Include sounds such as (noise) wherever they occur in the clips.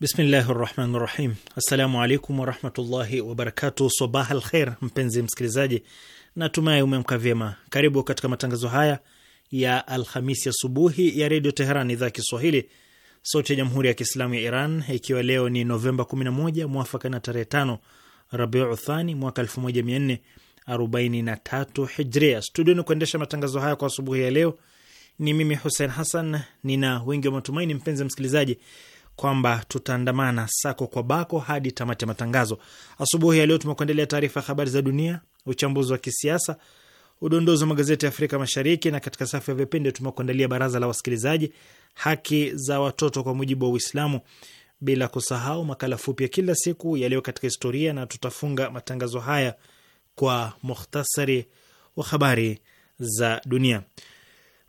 Bismillahi rahmani rahim. Assalamu alaikum warahmatullahi wabarakatu. Sabah al mpenzi msikilizaji, natumai umeamka vyema. Karibu katika matangazo haya ya Alhamisi asubuhi ya, redio Teheran, idhaa ya Kiswahili, sauti ya jamhuri ya kiislamu ya Iran, ikiwa leo ni Novemba 11 mwafaka na tarehe 5 Rabiu Thani mwaka 1443 Hijria. Studioni kuendesha matangazo haya kwa asubuhi ya leo ni mimi Hussein Hassan. Nina wengi wa matumaini, mpenzi msikilizaji kwamba tutaandamana sako kwa bako hadi tamati ya matangazo. Asubuhi ya leo tumekuendelea taarifa ya habari za dunia, uchambuzi wa kisiasa, udondozi wa magazeti ya Afrika Mashariki, na katika safu ya vipindi tumekuandalia baraza la wasikilizaji, haki za watoto kwa mujibu wa Uislamu, bila kusahau makala fupi ya kila siku yaliyo katika historia, na tutafunga matangazo haya kwa mukhtasari wa habari za dunia.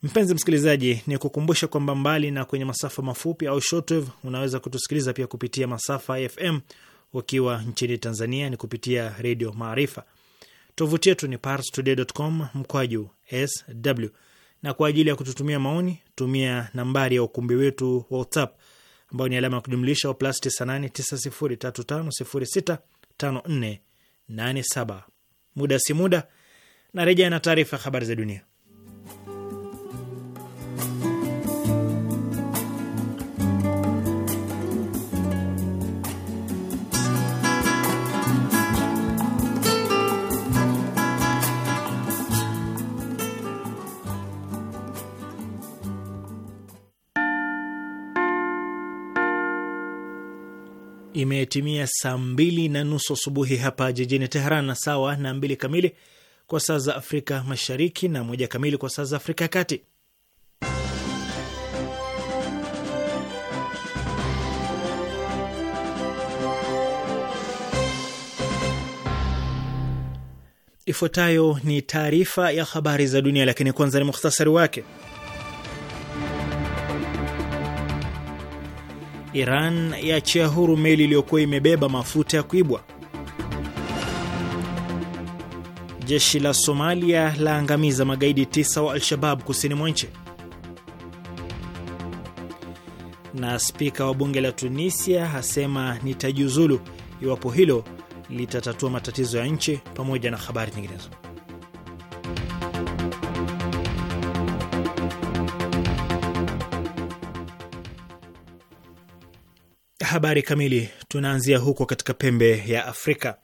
Mpenzi msikilizaji, ni kukumbusha kwamba mbali na kwenye masafa mafupi au shortwave, unaweza kutusikiliza pia kupitia masafa FM ukiwa nchini Tanzania ni kupitia Redio Maarifa. Tovuti yetu ni parstoday.com mkwaju sw, na kwa ajili ya kututumia maoni, tumia nambari ya ukumbi wetu WhatsApp ambayo ni alama ya kujumlisha wa plus 989035065487. Muda si muda na rejea na taarifa ya habari za dunia. imetimia saa mbili na nusu asubuhi hapa jijini Teheran, na sawa na mbili kamili kwa saa za Afrika Mashariki na moja kamili kwa saa za Afrika ya Kati. Ifuatayo ni taarifa ya habari za dunia, lakini kwanza ni mukhtasari wake. Iran yaachia huru meli iliyokuwa imebeba mafuta ya kuibwa. Jeshi la Somalia laangamiza magaidi tisa wa Al-Shabab kusini mwa nchi. Na spika wa bunge la Tunisia asema nitajiuzulu iwapo hilo litatatua matatizo ya nchi, pamoja na habari nyinginezo. habari kamili tunaanzia huko katika pembe ya Afrika.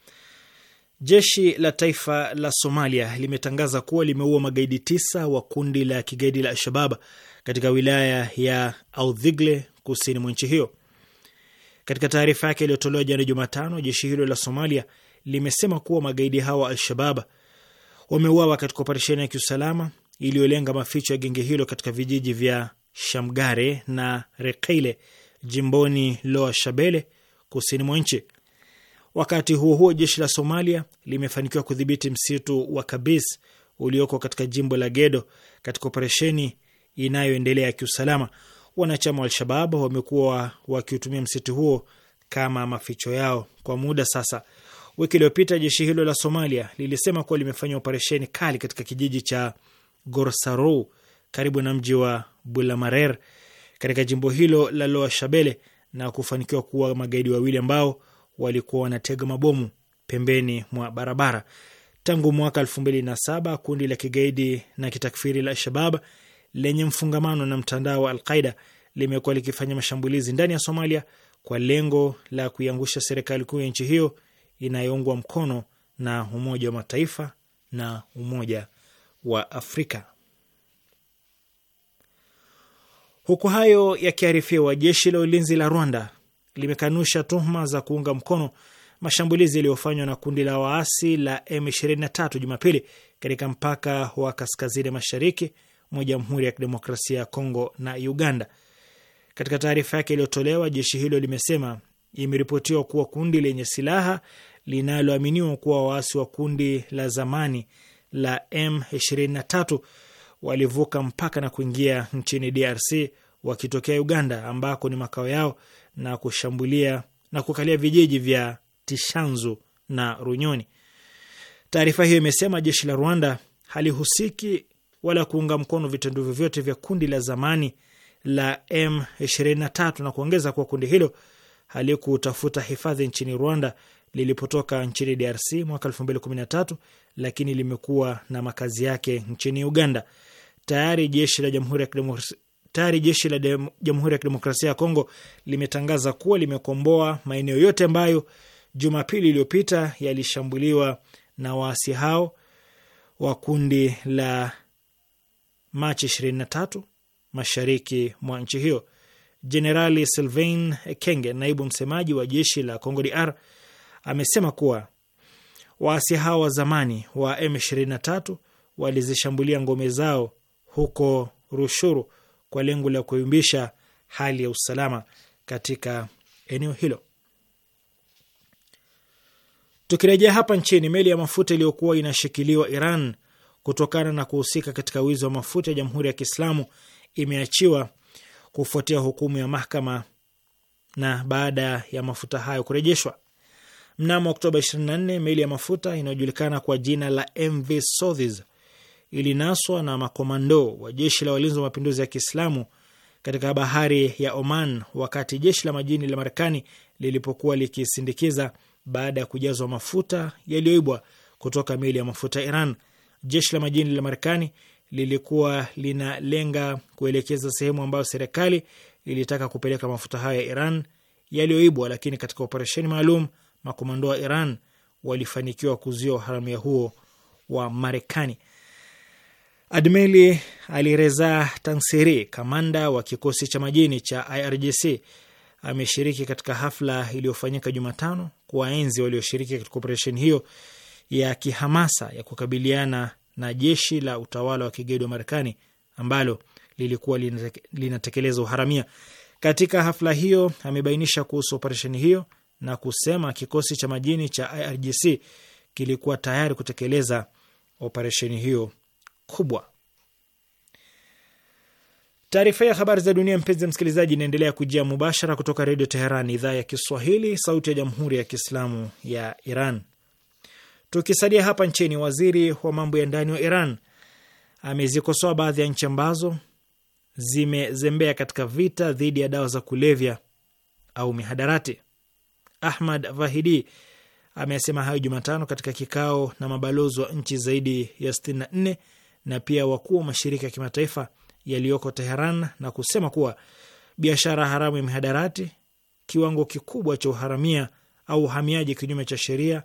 Jeshi la taifa la Somalia limetangaza kuwa limeua magaidi tisa wa kundi la kigaidi la Alshabab katika wilaya ya Audhigle kusini mwa nchi hiyo. Katika taarifa yake iliyotolewa jana Jumatano, jeshi hilo la Somalia limesema kuwa magaidi hawa wa Alshabab wameuawa katika operesheni ya kiusalama iliyolenga maficho ya genge hilo katika vijiji vya Shamgare na Rekeile jimboni Loa Shabele, kusini mwa nchi. Wakati huo huo, jeshi la Somalia limefanikiwa kudhibiti msitu wa Kabis ulioko katika jimbo la Gedo katika operesheni inayoendelea ya kiusalama. Wanachama wa Alshabab wamekuwa wakiutumia msitu huo kama maficho yao kwa muda sasa. Wiki iliyopita jeshi hilo la Somalia lilisema kuwa limefanya operesheni kali katika kijiji cha Gorsaru karibu na mji wa Bulamarer katika jimbo hilo la Loa Shabele na kufanikiwa kuwa magaidi wawili ambao walikuwa wanatega mabomu pembeni mwa barabara. Tangu mwaka saba kundi la kigaidi na kitakfiri la shabab lenye mfungamano na mtandao wa Al-Qaida limekuwa likifanya mashambulizi ndani ya Somalia kwa lengo la kuiangusha serikali kuu ya nchi hiyo inayoungwa mkono na Umoja wa Mataifa na Umoja wa Afrika. Huku hayo yakiarifiwa, jeshi la ulinzi la Rwanda limekanusha tuhuma za kuunga mkono mashambulizi yaliyofanywa na kundi la waasi la M23 Jumapili katika mpaka wa kaskazini mashariki mwa Jamhuri ya Kidemokrasia ya Kongo na Uganda. Katika taarifa yake iliyotolewa, jeshi hilo limesema imeripotiwa kuwa kundi lenye silaha linaloaminiwa kuwa waasi wa kundi la zamani la M23 walivuka mpaka na kuingia nchini DRC wakitokea Uganda ambako ni makao yao na kushambulia na kukalia vijiji vya Tishanzu na Runyoni. Taarifa hiyo imesema jeshi la Rwanda halihusiki wala kuunga mkono vitendo vyovyote vya kundi la zamani la M23 na kuongeza kuwa kundi hilo halikutafuta hifadhi nchini Rwanda lilipotoka nchini DRC mwaka 2013 lakini limekuwa na makazi yake nchini Uganda tayari jeshi la Jamhuri ya Kidemokrasia tayari jeshi la Jamhuri ya Kidemokrasia ya Kongo limetangaza kuwa limekomboa maeneo yote ambayo Jumapili iliyopita yalishambuliwa na waasi hao wa kundi la Machi 23 mashariki mwa nchi hiyo. Jenerali Sylvain kenge naibu msemaji wa jeshi la Congo DR, amesema kuwa waasi hao wa zamani wa M23 walizishambulia ngome zao huko Rushuru kwa lengo la kuyumbisha hali ya usalama katika eneo hilo. Tukirejea hapa nchini, meli ya mafuta iliyokuwa inashikiliwa Iran kutokana na kuhusika katika wizi wa mafuta ya Jamhuri ya Kiislamu imeachiwa kufuatia hukumu ya mahakama na baada ya mafuta hayo kurejeshwa. Mnamo Oktoba 24 meli ya mafuta inayojulikana kwa jina la MV Sothis ilinaswa na makomando wa jeshi la walinzi wa mapinduzi ya Kiislamu katika bahari ya Oman wakati jeshi la majini la Marekani lilipokuwa likisindikiza baada ya kujazwa mafuta yaliyoibwa kutoka meli ya mafuta Iran. Jeshi la majini la Marekani lilikuwa linalenga kuelekeza sehemu ambayo serikali ilitaka kupeleka mafuta hayo ya Iran yaliyoibwa, lakini katika operesheni maalum makomando wa Iran walifanikiwa kuzuia uharamia huo wa Marekani. Admeli Alireza Tansiri, kamanda wa kikosi cha majini cha IRGC, ameshiriki katika hafla iliyofanyika Jumatano kuwaenzi walioshiriki katika operesheni hiyo ya kihamasa ya kukabiliana na jeshi la utawala wa kigaidi wa Marekani ambalo lilikuwa linatekeleza uharamia. Katika hafla hiyo amebainisha kuhusu operesheni hiyo na kusema kikosi cha majini cha IRGC kilikuwa tayari kutekeleza operesheni hiyo kubwa. Taarifa ya habari za dunia, mpenzi msikilizaji, inaendelea kujia mubashara kutoka Redio Teheran, idhaa ya Kiswahili, sauti ya jamhuri ya kiislamu ya Iran. Tukisalia hapa nchini, waziri wa mambo ya ndani wa Iran amezikosoa baadhi ya nchi ambazo zimezembea katika vita dhidi ya dawa za kulevya au mihadarati. Ahmad Vahidi amesema hayo Jumatano katika kikao na mabalozi wa nchi zaidi ya 64 na pia wakuu wa mashirika ya kimataifa yaliyoko Teheran na kusema kuwa biashara haramu ya mihadarati, kiwango kikubwa cha uharamia au uhamiaji kinyume cha sheria,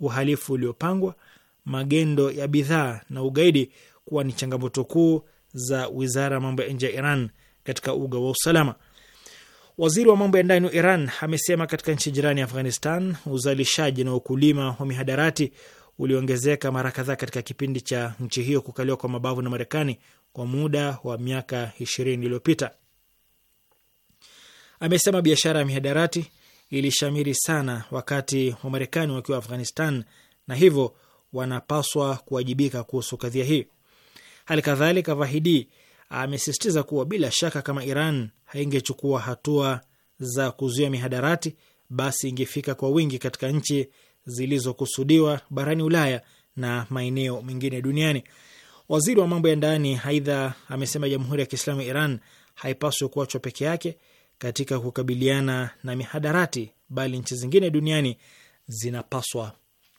uhalifu uliopangwa, magendo ya bidhaa na ugaidi kuwa ni changamoto kuu za wizara ya mambo ya nje ya Iran katika uga wa usalama. Waziri wa mambo ya ndani wa Iran amesema katika nchi jirani ya Afghanistan uzalishaji na ukulima wa mihadarati uliongezeka mara kadhaa katika kipindi cha nchi hiyo kukaliwa kwa mabavu na Marekani kwa muda wa miaka ishirini iliyopita. Amesema biashara ya mihadarati ilishamiri sana wakati wa Marekani wakiwa Afghanistan, na hivyo wanapaswa kuwajibika kuhusu kadhia hii. Hali kadhalika, Vahidi amesisitiza kuwa bila shaka, kama Iran haingechukua hatua za kuzuia mihadarati, basi ingefika kwa wingi katika nchi zilizokusudiwa barani Ulaya na maeneo mengine duniani. Waziri wa mambo ya ndani aidha amesema Jamhuri ya Kiislamu ya Iran haipaswi kuachwa peke yake katika kukabiliana na mihadarati, bali nchi zingine duniani zinapaswa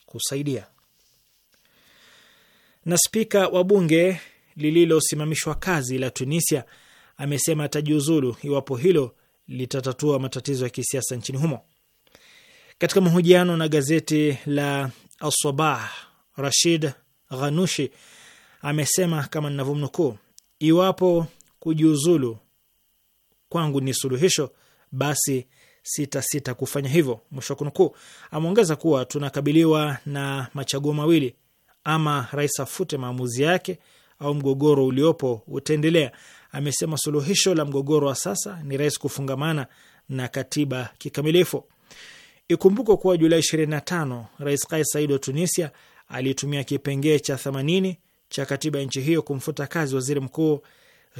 kusaidia. Na spika wa bunge lililosimamishwa kazi la Tunisia amesema atajiuzulu iwapo hilo litatatua matatizo ya kisiasa nchini humo. Katika mahojiano na gazeti la Alsabah, Rashid Ghanushi amesema kama ninavyomnukuu, iwapo kujiuzulu kwangu ni suluhisho, basi sita sita kufanya hivyo, mwisho wa kunukuu. Ameongeza kuwa tunakabiliwa na machaguo mawili, ama rais afute maamuzi yake au mgogoro uliopo utaendelea. Amesema suluhisho la mgogoro wa sasa ni rais kufungamana na katiba kikamilifu. Ikumbukwe kuwa Julai 25 Rais Kais Said wa Tunisia alitumia kipengee cha 80 cha katiba ya nchi hiyo kumfuta kazi waziri mkuu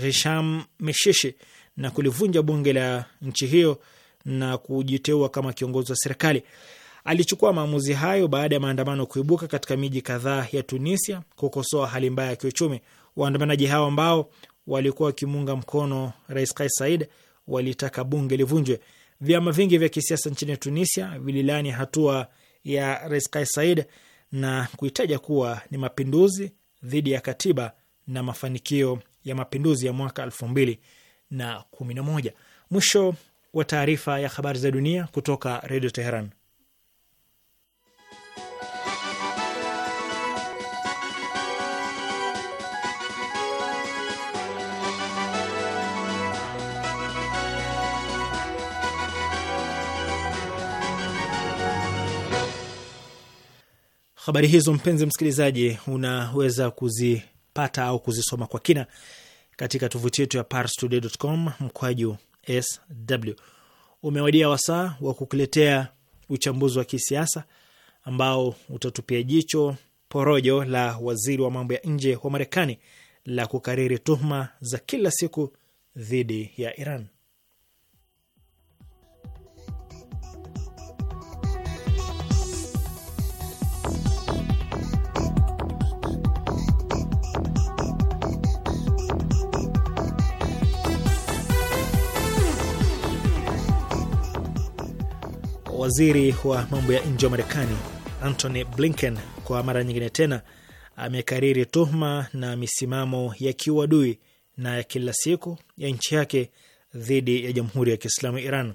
Hisham Meshishi na kulivunja bunge la nchi hiyo na kujiteua kama kiongozi wa serikali. Alichukua maamuzi hayo baada ya maandamano kuibuka katika miji kadhaa ya Tunisia kukosoa hali mbaya ya kiuchumi. Waandamanaji hao ambao walikuwa wakimuunga mkono Rais Kais Said walitaka bunge livunjwe. Vyama vingi vya kisiasa nchini Tunisia vililani hatua ya Rais Kais Saied na kuitaja kuwa ni mapinduzi dhidi ya katiba na mafanikio ya mapinduzi ya mwaka elfu mbili na kumi na moja. Mwisho wa taarifa ya habari za dunia kutoka Redio Teheran. Habari hizo mpenzi msikilizaji, unaweza kuzipata au kuzisoma kwa kina katika tovuti yetu ya parstoday.com mkwaju sw. Umewadia wasaa wa kukuletea uchambuzi wa kisiasa ambao utatupia jicho porojo la waziri wa mambo ya nje wa Marekani la kukariri tuhuma za kila siku dhidi ya Iran. Waziri wa mambo ya nje wa Marekani Antony Blinken kwa mara nyingine tena amekariri tuhuma na misimamo ya kiuadui na ya kila siku ya nchi yake dhidi ya Jamhuri ya Kiislamu Iran.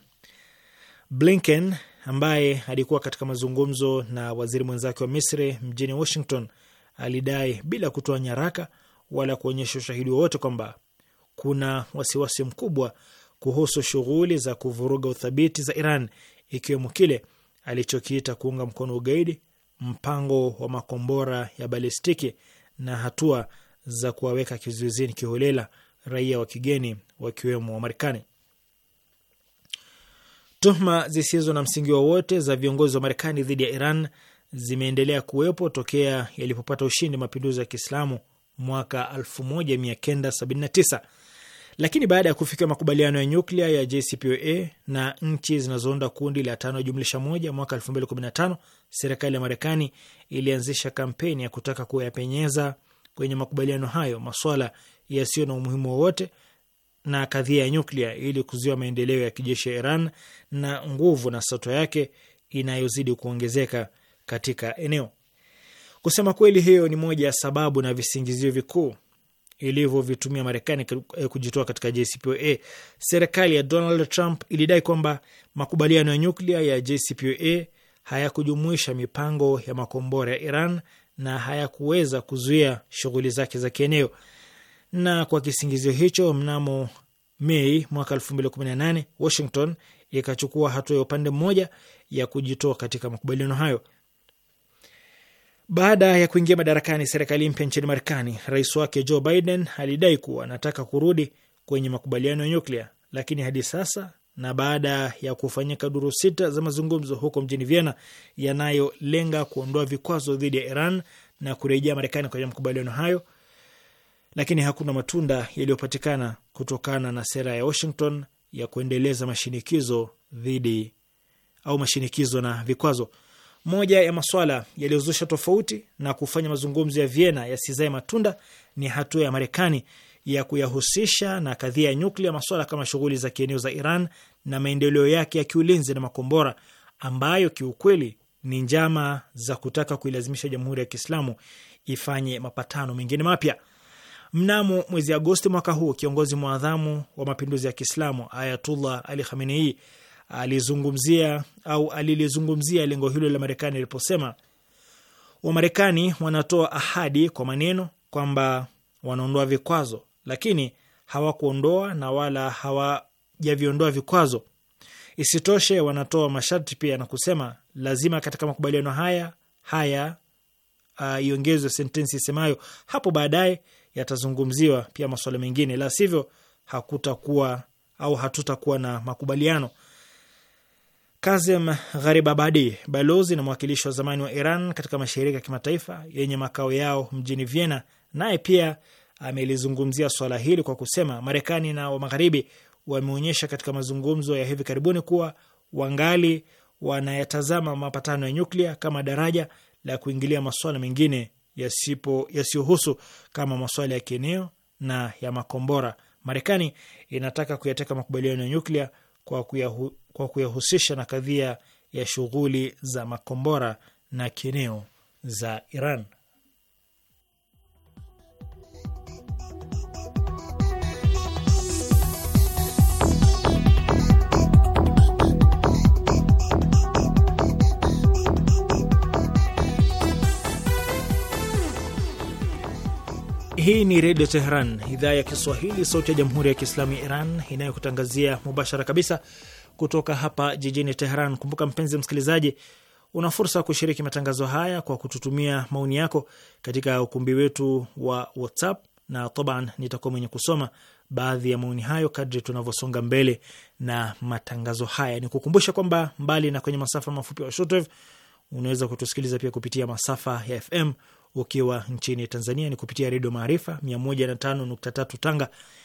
Blinken ambaye alikuwa katika mazungumzo na waziri mwenzake wa Misri mjini Washington alidai bila kutoa nyaraka wala kuonyesha ushahidi wowote kwamba kuna wasiwasi mkubwa kuhusu shughuli za kuvuruga uthabiti za Iran ikiwemo kile alichokiita kuunga mkono ugaidi, mpango wa makombora ya balistiki na hatua za kuwaweka kizuizini kiholela raia wa kigeni wakiwemo wa Marekani. Tuhuma zisizo na msingi wowote za viongozi wa Marekani dhidi ya Iran zimeendelea kuwepo tokea yalipopata ushindi mapinduzi ya Kiislamu mwaka 1979. Lakini baada ya kufikia makubaliano ya nyuklia ya JCPOA na nchi zinazounda kundi la tano jumlisha moja mwaka 2015, serikali ya Marekani ilianzisha kampeni ya kutaka kuyapenyeza kwenye makubaliano hayo maswala yasiyo na umuhimu wowote na kadhia ya nyuklia ili kuzuia maendeleo ya kijeshi ya Iran na nguvu na sato yake inayozidi kuongezeka katika eneo. Kusema kweli, hiyo ni moja ya sababu na visingizio vikuu ilivyovitumia Marekani eh, kujitoa katika JCPOA. Serikali ya Donald Trump ilidai kwamba makubaliano ya nyuklia ya JCPOA hayakujumuisha mipango ya makombora ya Iran na hayakuweza kuzuia shughuli zake za kieneo. Na kwa kisingizio hicho, mnamo Mei mwaka 2018 Washington ikachukua hatua ya upande mmoja ya kujitoa katika makubaliano hayo. Baada ya kuingia madarakani serikali mpya nchini Marekani, rais wake Joe Biden alidai kuwa anataka kurudi kwenye makubaliano ya nyuklia, lakini hadi sasa na baada ya kufanyika duru sita za mazungumzo huko mjini Vienna yanayolenga kuondoa vikwazo dhidi ya Iran na kurejea Marekani kwenye makubaliano hayo, lakini hakuna matunda yaliyopatikana kutokana na sera ya Washington ya kuendeleza mashinikizo dhidi au mashinikizo na vikwazo. Moja ya maswala yaliyozusha tofauti na kufanya mazungumzo ya Vienna yasizae matunda ni hatua ya Marekani ya kuyahusisha na kadhia ya nyuklia maswala kama shughuli za kieneo za Iran na maendeleo yake ya kiulinzi na makombora, ambayo kiukweli ni njama za kutaka kuilazimisha Jamhuri ya Kiislamu ifanye mapatano mengine mapya. Mnamo mwezi Agosti mwaka huu, kiongozi mwadhamu wa mapinduzi ya Kiislamu Ayatullah Ali Khamenei alizungumzia au alilizungumzia lengo hilo la Marekani aliposema Wamarekani wanatoa ahadi kwa maneno kwamba wanaondoa vikwazo, lakini hawakuondoa na wala hawajaviondoa vikwazo. Isitoshe, wanatoa masharti pia na kusema lazima katika makubaliano haya haya uh, iongezwe uh, sentensi isemayo hapo baadaye yatazungumziwa pia masuala mengine, la sivyo hakutakuwa au hatutakuwa na makubaliano. Kazem Gharibabadi, balozi na mwakilishi wa zamani wa Iran katika mashirika ya kimataifa yenye makao yao mjini Vienna, naye pia amelizungumzia swala hili kwa kusema Marekani na wa Magharibi wameonyesha katika mazungumzo ya hivi karibuni kuwa wangali wanayatazama mapatano ya nyuklia kama daraja la kuingilia masuala mengine yasiyohusu kama masuala ya kieneo na ya makombora. Marekani inataka kuyateka makubaliano ya nyuklia kwa kuyahu kwa kuyahusisha na kadhia ya shughuli za makombora na kieneo za Iran. Hii ni Redio Teheran, idhaa ya Kiswahili, sauti ya Jamhuri ya Kiislamu ya Iran, inayokutangazia mubashara kabisa kutoka hapa jijini Teheran. Kumbuka mpenzi msikilizaji, una fursa ya kushiriki matangazo haya kwa kututumia maoni yako katika ukumbi wetu wa WhatsApp na taban, nitakuwa mwenye kusoma baadhi ya maoni hayo kadri tunavyosonga mbele na matangazo haya. Ni kukumbusha kwamba mbali na kwenye masafa mafupi wa shortwave, unaweza kutusikiliza pia kupitia masafa ya FM ukiwa nchini Tanzania ni kupitia Redio Maarifa 105.3 Tanga,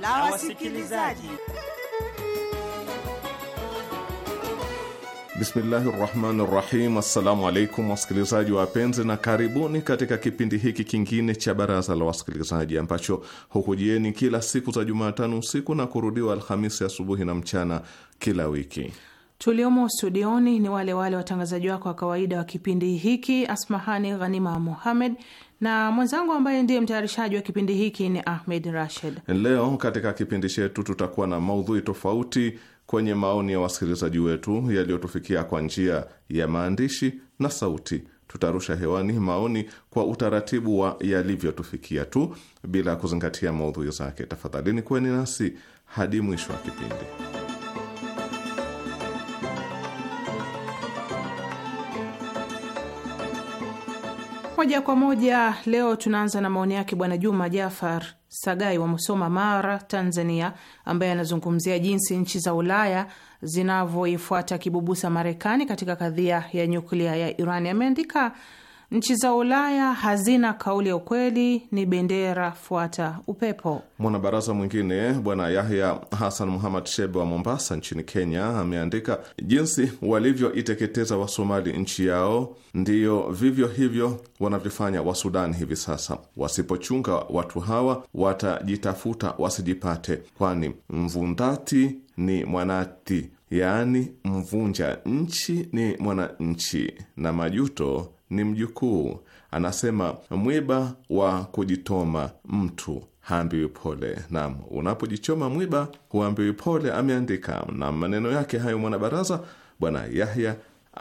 la wasikilizaji. Bismillahi rahmani rahim. Assalamu alaikum wasikilizaji wapenzi, na karibuni katika kipindi hiki kingine cha baraza la wasikilizaji ambacho hukujieni kila siku za Jumatano usiku na kurudiwa Alhamisi asubuhi na mchana kila wiki. Tuliomo studioni ni wale wale watangazaji wako wa kawaida wa kipindi hiki, Asmahani Ghanima Mohamed na mwenzangu ambaye ndiye mtayarishaji wa kipindi hiki ni Ahmed Rashid. Leo katika kipindi chetu tutakuwa na maudhui tofauti kwenye maoni ya wasikilizaji wetu yaliyotufikia kwa njia ya maandishi na sauti. Tutarusha hewani maoni kwa utaratibu wa yalivyotufikia tu bila kuzingatia maudhui zake. Tafadhalini kuweni nasi hadi mwisho wa kipindi. moja kwa moja leo tunaanza na maoni yake Bwana Juma Jafar Sagai wa Musoma, Mara, Tanzania, ambaye anazungumzia jinsi nchi za Ulaya zinavyoifuata kibubusa Marekani katika kadhia ya nyuklia ya Iran. Ameandika Nchi za Ulaya hazina kauli ya ukweli, ni bendera fuata upepo. Mwanabaraza mwingine Bwana Yahya Hasan Muhamad Shebe wa Mombasa nchini Kenya ameandika jinsi walivyoiteketeza Wasomali nchi yao, ndiyo vivyo hivyo wanavyofanya Wasudani hivi sasa. Wasipochunga watu hawa, watajitafuta wasijipate, kwani mvundati ni mwanati, yaani mvunja nchi ni mwananchi, na majuto ni mjukuu, anasema mwiba wa kujitoma mtu haambiwi pole, nam unapojichoma mwiba huambiwi pole. Ameandika na maneno yake hayo mwanabaraza Bwana Yahya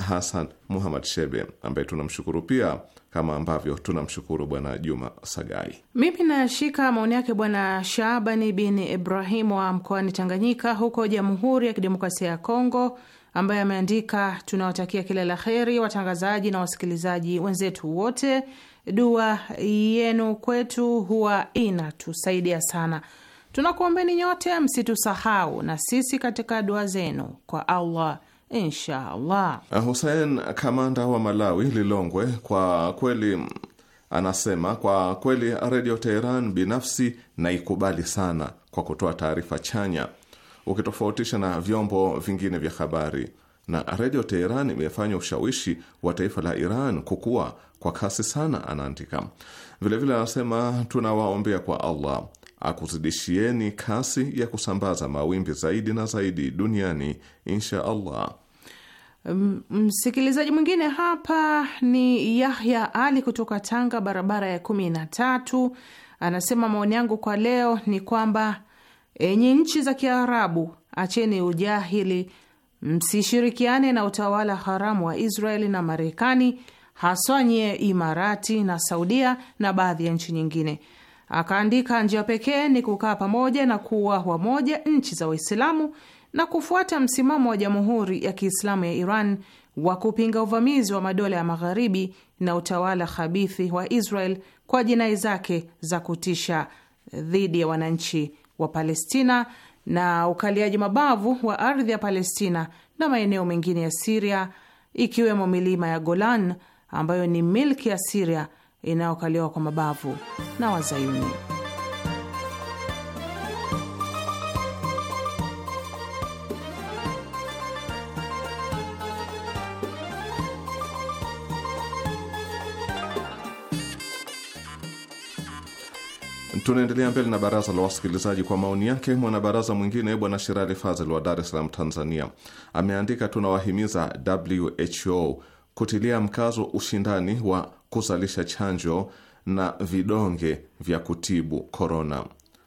Hasan Muhamad Shebe, ambaye tunamshukuru pia kama ambavyo tunamshukuru Bwana Juma Sagai. Mimi nashika maoni yake Bwana Shabani bin Ibrahimu wa mkoani Tanganyika, huko Jamhuri ya Kidemokrasia ya Kongo ambaye ameandika: tunawatakia kila la heri watangazaji na wasikilizaji wenzetu wote. Dua yenu kwetu huwa inatusaidia sana. Tunakuombeni nyote msitusahau na sisi katika dua zenu kwa Allah, insha Allah. Eh, Husein kamanda wa Malawi, Lilongwe, kwa kweli anasema kwa kweli Redio Teheran binafsi naikubali sana kwa kutoa taarifa chanya ukitofautisha na vyombo vingine vya habari, na Redio Teheran imefanya ushawishi wa taifa la Iran kukua kwa kasi sana, anaandika. Vilevile anasema tunawaombea kwa Allah akuzidishieni kasi ya kusambaza mawimbi zaidi na zaidi duniani insha Allah. Msikilizaji mwingine hapa ni Yahya Ali kutoka Tanga, barabara ya kumi na tatu, anasema maoni yangu kwa leo ni kwamba Enyi nchi za Kiarabu, acheni ujahili, msishirikiane na utawala haramu wa Israeli na Marekani, haswa nyie Imarati na Saudia na baadhi ya nchi nyingine. Akaandika, njia pekee ni kukaa pamoja na kuwa wamoja nchi za Waislamu na kufuata msimamo wa Jamhuri ya Kiislamu ya Iran wa kupinga uvamizi wa madola ya Magharibi na utawala khabithi wa Israel kwa jinai zake za kutisha dhidi ya wananchi wa Palestina na ukaliaji mabavu wa ardhi ya Palestina na maeneo mengine ya Siria ikiwemo milima ya Golan ambayo ni milki ya Siria inayokaliwa kwa mabavu na Wazayuni. Tunaendelea mbele na baraza la wasikilizaji kwa maoni yake. Mwanabaraza mwingine bwana Shirali Fazil wa Dar es Salaam, Tanzania, ameandika tunawahimiza WHO kutilia mkazo ushindani wa kuzalisha chanjo na vidonge vya kutibu korona.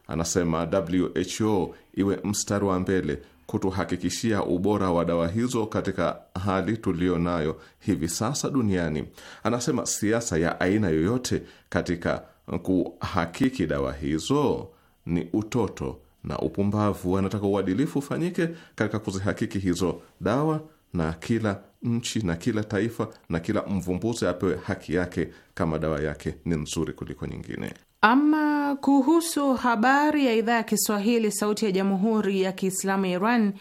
Anasema WHO iwe mstari wa mbele kutuhakikishia ubora wa dawa hizo katika hali tuliyo nayo hivi sasa duniani. Anasema siasa ya aina yoyote katika kuhakiki dawa hizo ni utoto na upumbavu. Anataka uadilifu ufanyike katika kuzihakiki hizo dawa, na kila nchi na kila taifa na kila mvumbuzi apewe haki yake kama dawa yake ni nzuri kuliko nyingine. Ama kuhusu habari ya idhaa ya Kiswahili sauti ya jamhuri ya Kiislamu ya Iran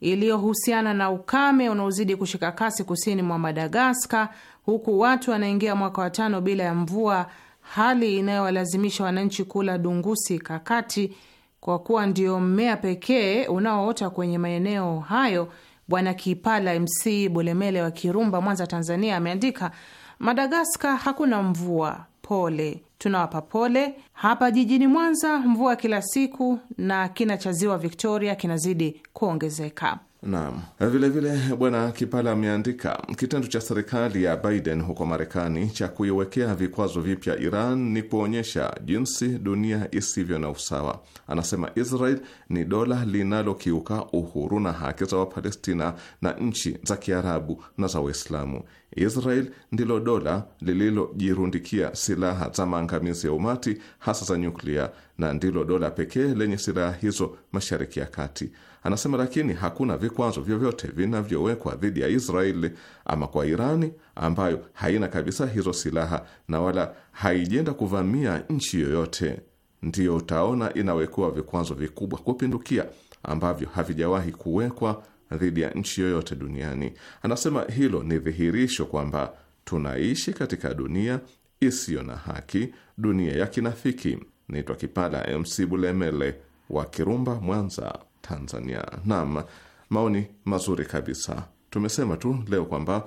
iliyohusiana na ukame unaozidi kushika kasi kusini mwa Madagaskar, huku watu wanaingia mwaka watano bila ya mvua hali inayowalazimisha wananchi kula dungusi kakati kwa kuwa ndio mmea pekee unaoota kwenye maeneo hayo. Bwana Kipala MC Bulemele wa Kirumba, Mwanza, Tanzania, ameandika Madagaskar hakuna mvua, pole, tunawapa pole. Hapa jijini Mwanza mvua kila siku na kina cha ziwa Victoria kinazidi kuongezeka. Naam, vilevile bwana Kipala ameandika kitendo cha serikali ya Biden huko Marekani cha kuiwekea vikwazo vipya Iran ni kuonyesha jinsi dunia isivyo na usawa. Anasema Israel ni dola linalokiuka uhuru na haki za Wapalestina na nchi za Kiarabu na za Waislamu. Israel ndilo dola lililojirundikia silaha za maangamizi ya umati hasa za nyuklia na ndilo dola pekee lenye silaha hizo Mashariki ya Kati. Anasema lakini hakuna vikwazo vyovyote vinavyowekwa dhidi ya Israeli ama kwa Irani ambayo haina kabisa hizo silaha na wala haijenda kuvamia nchi yoyote. Ndiyo utaona inawekewa vikwazo vikubwa kupindukia ambavyo havijawahi kuwekwa dhidi ya nchi yoyote duniani. Anasema hilo ni dhihirisho kwamba tunaishi katika dunia isiyo na haki, dunia ya kinafiki. Naitwa Kipala MC Bulemele wa Kirumba, Mwanza. Tanzania. Naam, maoni mazuri kabisa. Tumesema tu leo kwamba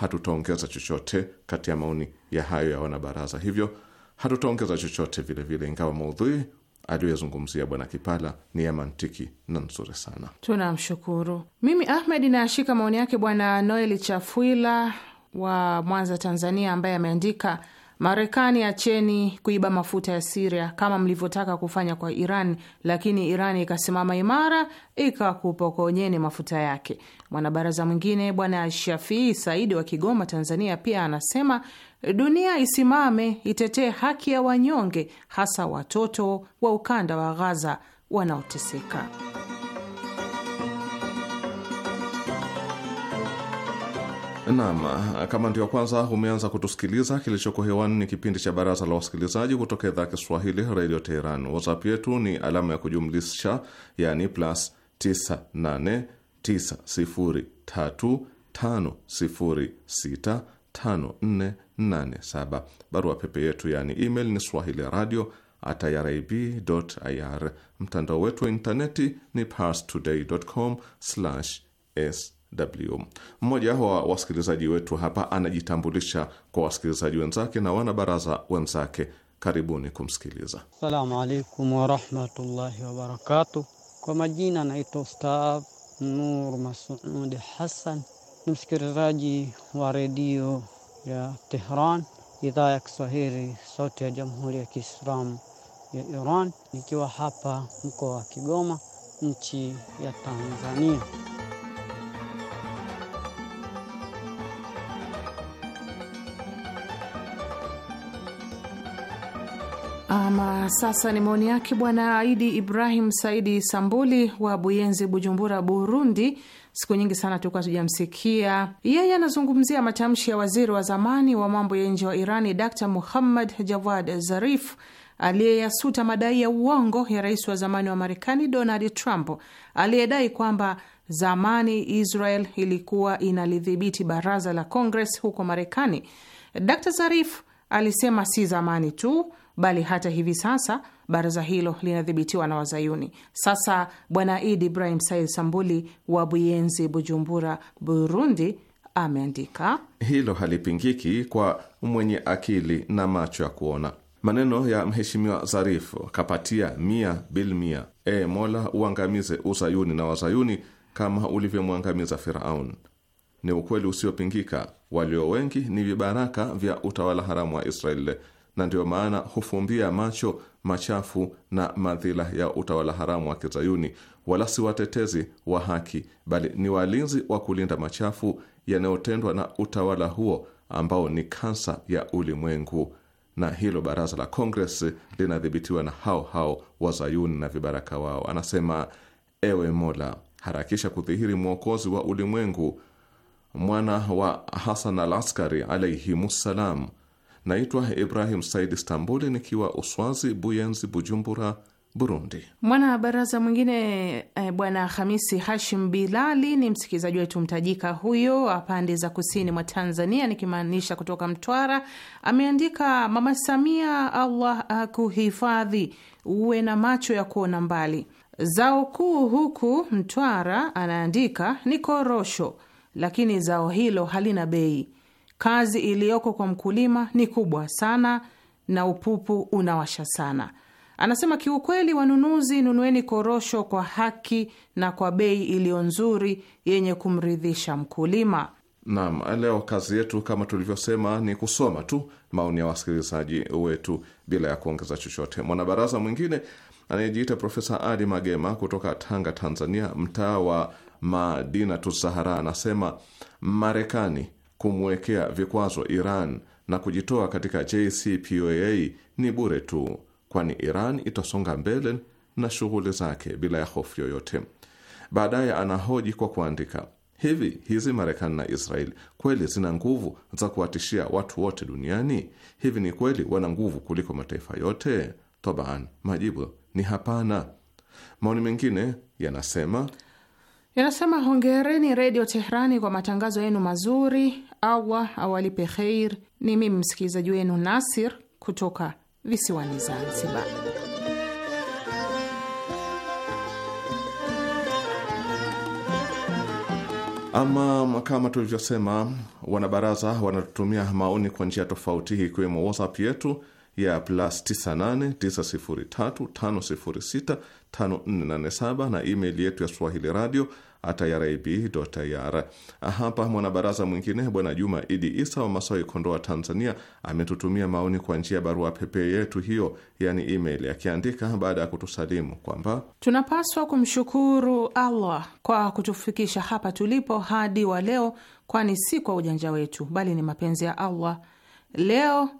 hatutaongeza chochote kati ya maoni ya hayo ya wanabaraza, hivyo hatutaongeza chochote vilevile, ingawa maudhui aliyozungumzia Bwana Kipala ni ya mantiki na nzuri sana, tunamshukuru. Mimi Ahmed nayashika maoni yake Bwana Noeli Chafwila wa Mwanza, Tanzania, ambaye ameandika Marekani, acheni kuiba mafuta ya Siria kama mlivyotaka kufanya kwa Iran, lakini Iran ikasimama imara ikakupokonyeni mafuta yake. Mwanabaraza mwingine Bwana Shafii Saidi wa Kigoma, Tanzania, pia anasema dunia isimame itetee haki ya wanyonge, hasa watoto wa ukanda wa Ghaza wanaoteseka. Naam, kama ndio kwanza umeanza kutusikiliza, kilichoko hewani ni kipindi cha Baraza la Wasikilizaji kutoka idhaa ya Kiswahili Redio Teheran. WhatsApp yetu ni alama ya kujumlisha, yani plus 989035065487. Barua pepe yetu yani email ni swahili radio at irib ir. Mtandao wetu wa intaneti ni parstoday.com sw sw. Mmoja wa wasikilizaji wetu hapa anajitambulisha kwa wasikilizaji wenzake na wanabaraza wenzake. Karibuni kumsikiliza. Assalamu alaikum warahmatullahi wabarakatu. Kwa majina naitwa Ustadh Nur Masudi Hassan, ni msikilizaji wa redio ya Tehran, idhaa ya Kiswahili, sauti ya jamhuri ya Kiislamu ya Iran, nikiwa hapa mkoa wa Kigoma, nchi ya Tanzania. Ama sasa ni maoni yake Bwana Aidi Ibrahim Saidi Sambuli wa Buyenzi, Bujumbura, Burundi. Siku nyingi sana tulikuwa tujamsikia yeye. Anazungumzia matamshi ya waziri wa zamani wa mambo ya nje wa Irani Dr Muhammad Javad Zarif aliyeyasuta madai ya uongo ya rais wa zamani wa Marekani Donald Trump aliyedai kwamba zamani Israel ilikuwa inalidhibiti baraza la Congress huko Marekani. Dr Zarif alisema si zamani tu bali hata hivi sasa baraza hilo linadhibitiwa na Wazayuni. Sasa Bwana Idi Ibrahim Said Sambuli wa Buyenzi, Bujumbura, Burundi, ameandika hilo halipingiki kwa mwenye akili na macho ya kuona. Maneno ya Mheshimiwa Zarifu kapatia mia bil mia. E Mola, uangamize uzayuni na wazayuni kama ulivyomwangamiza Firaun. Ni ukweli usiopingika, walio wengi ni vibaraka vya utawala haramu wa Israeli na ndiyo maana hufumbia macho machafu na madhila ya utawala haramu wa Kizayuni, wala si watetezi wa haki, bali ni walinzi wa kulinda machafu yanayotendwa na utawala huo ambao ni kansa ya ulimwengu. Na hilo baraza la Kongres linadhibitiwa na hao hao Wazayuni na vibaraka wao. Anasema, ewe Mola, harakisha kudhihiri mwokozi wa ulimwengu, mwana wa Hasan al Askari alaihimussalam Naitwa Ibrahim Said stambuli nikiwa Uswazi Buyenzi, Bujumbura, Burundi. Mwana baraza mwingine e, bwana Hamisi Hashim Bilali ni msikilizaji wetu mtajika huyo pande za kusini mwa Tanzania, nikimaanisha kutoka Mtwara. Ameandika, Mama Samia, Allah akuhifadhi, uwe na macho ya kuona mbali. Zao kuu huku Mtwara, anaandika, ni korosho, lakini zao hilo halina bei Kazi iliyoko kwa mkulima ni kubwa sana na upupu unawasha sana. Anasema kiukweli, wanunuzi, nunueni korosho kwa haki na kwa bei iliyo nzuri yenye kumridhisha mkulima. Naam, leo kazi yetu kama tulivyosema ni kusoma tu maoni ya wasikilizaji wetu bila ya kuongeza chochote. Mwanabaraza mwingine anayejiita Profesa Ali Magema kutoka Tanga, Tanzania, mtaa wa Madina Tusahara, anasema Marekani kumwekea vikwazo Iran na kujitoa katika JCPOA ni bure tu, kwani Iran itasonga mbele na shughuli zake bila ya hofu yoyote. Baadaye anahoji kwa kuandika hivi: hizi Marekani na Israel kweli zina nguvu za kuwatishia watu wote duniani? Hivi ni kweli wana nguvu kuliko mataifa yote? Toban, majibu ni hapana. Maoni mengine yanasema yanasema hongereni Redio Teherani kwa matangazo yenu mazuri Allah awalipe kheir. Ni mimi msikilizaji wenu Nasir kutoka visiwani Zanzibar. Ama kama tulivyosema, wanabaraza wanatutumia maoni kwa njia tofauti, ikiwemo WhatsApp yetu ya plus 989035065487 na email yetu ya swahili radio irib.ir. Hapa mwanabaraza mwingine Bwana Juma Idi Isa wa Masawi, Kondoa, Tanzania, ametutumia maoni kwa njia ya barua pepe yetu hiyo, yani email, akiandika baada ya kutusalimu kwamba tunapaswa kumshukuru Allah kwa kutufikisha hapa tulipo hadi wa leo, kwani si kwa ujanja wetu, bali ni mapenzi ya Allah. Leo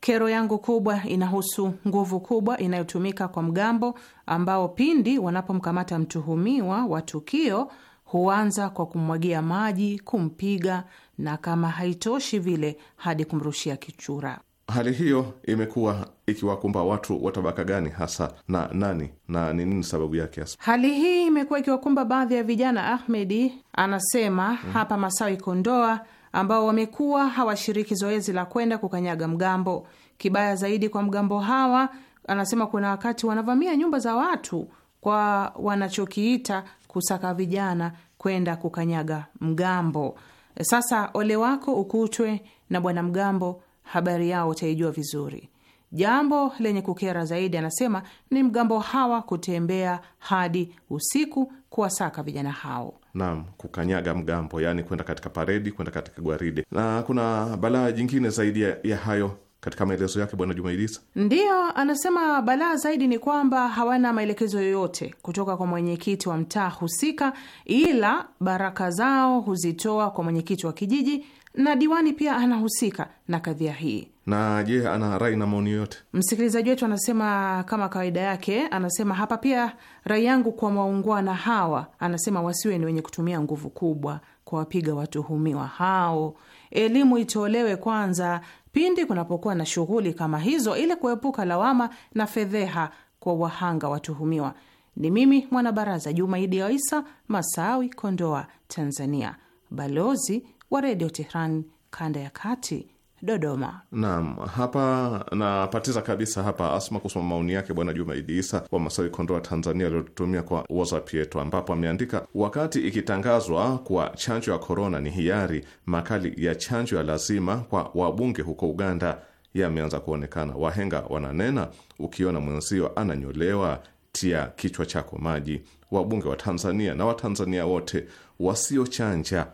Kero yangu kubwa inahusu nguvu kubwa inayotumika kwa mgambo ambao pindi wanapomkamata mtuhumiwa wa tukio huanza kwa kumwagia maji, kumpiga na kama haitoshi vile hadi kumrushia kichura. Hali hiyo imekuwa ikiwakumba watu wa tabaka gani hasa na nani na ni nini sababu yake hasa? Hali hii imekuwa ikiwakumba baadhi ya vijana. Ahmedi anasema mm -hmm. hapa Masawi, Kondoa ambao wamekuwa hawashiriki zoezi la kwenda kukanyaga mgambo. Kibaya zaidi kwa mgambo hawa, anasema kuna wakati wanavamia nyumba za watu kwa wanachokiita kusaka vijana kwenda kukanyaga mgambo. Sasa ole wako ukutwe na bwana mgambo, habari yao utaijua vizuri. Jambo lenye kukera zaidi, anasema ni mgambo hawa kutembea hadi usiku kuwasaka vijana hao. Naam, kukanyaga mgambo, yaani kwenda katika paredi, kwenda katika gwaride. Na kuna balaa jingine zaidi ya, ya hayo katika maelezo yake Bwana Jumaidisa, ndiyo anasema balaa zaidi ni kwamba hawana maelekezo yoyote kutoka kwa mwenyekiti wa mtaa husika, ila baraka zao huzitoa kwa mwenyekiti wa kijiji, na diwani pia anahusika na kadhia hii na je, ana rai na maoni yoyote? Msikilizaji wetu anasema kama kawaida yake, anasema hapa pia rai yangu kwa maungwana hawa, anasema wasiwe ni wenye kutumia nguvu kubwa kuwapiga watuhumiwa hao. Elimu itolewe kwanza pindi kunapokuwa na shughuli kama hizo, ili kuepuka lawama na fedheha kwa wahanga watuhumiwa. Ni mimi mwanabaraza Juma Idi ya Isa Masawi, Kondoa, Tanzania, balozi wa Redio Tehran kanda ya kati. Dodoma. Naam, hapa napatiza kabisa hapa Asma kusoma maoni yake Bwana Juma Idi Isa wa Masawi, Kondoa, Tanzania, aliyotutumia kwa WhatsApp yetu, ambapo ameandika wakati ikitangazwa kuwa chanjo ya korona ni hiari, makali ya chanjo ya lazima kwa wabunge huko Uganda yameanza kuonekana. Wahenga wananena, ukiona mwenzio ananyolewa tia kichwa chako maji. Wabunge wa Tanzania na Watanzania wote wasiochanja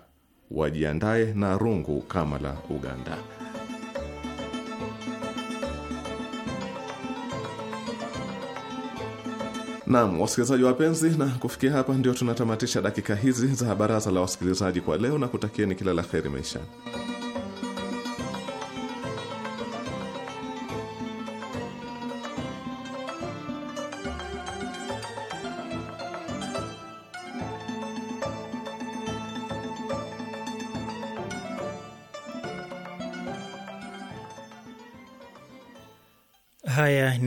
wajiandaye na rungu kama la Uganda. Nam, wasikilizaji wapenzi, na kufikia hapa ndio tunatamatisha dakika hizi za baraza la wasikilizaji kwa leo, na kutakieni kila la heri maishani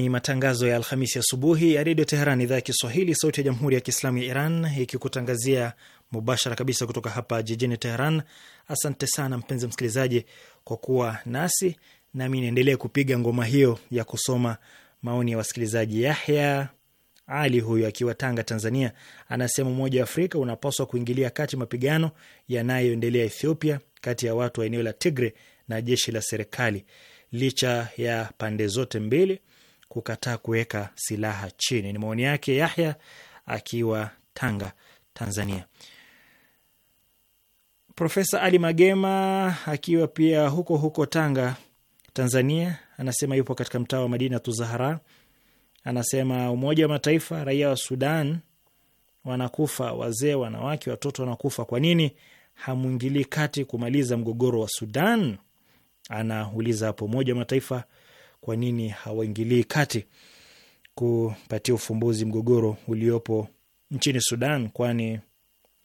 matangazo ya Alhamisi asubuhi ya redio Teheran, idhaa ya Kiswahili, sauti ya jamhuri ya kiislamu ya Iran, ikikutangazia mubashara kabisa kutoka hapa jijini Teheran. Asante sana mpenzi msikilizaji kwa kuwa nasi, nami niendelee kupiga ngoma hiyo ya kusoma maoni ya wasikilizaji. Yahya Ali huyu akiwa Tanga, Tanzania, anasema Umoja wa Afrika unapaswa kuingilia kati mapigano yanayoendelea Ethiopia kati ya watu wa eneo la Tigre na jeshi la serikali licha ya pande zote mbili kukataa kuweka silaha chini. Ni maoni yake Yahya akiwa Tanga, Tanzania. Profesa Ali Magema akiwa pia huko huko Tanga, Tanzania, anasema yupo katika mtaa wa Madina Tuzahara. Anasema Umoja wa Mataifa, raia wa Sudan wanakufa, wazee, wanawake, watoto wanakufa. Kwa nini hamwingilii kati kumaliza mgogoro wa Sudan? Anauliza hapo. Umoja wa Mataifa kwa nini hawaingilii kati kupatia ufumbuzi mgogoro uliopo nchini Sudan, kwani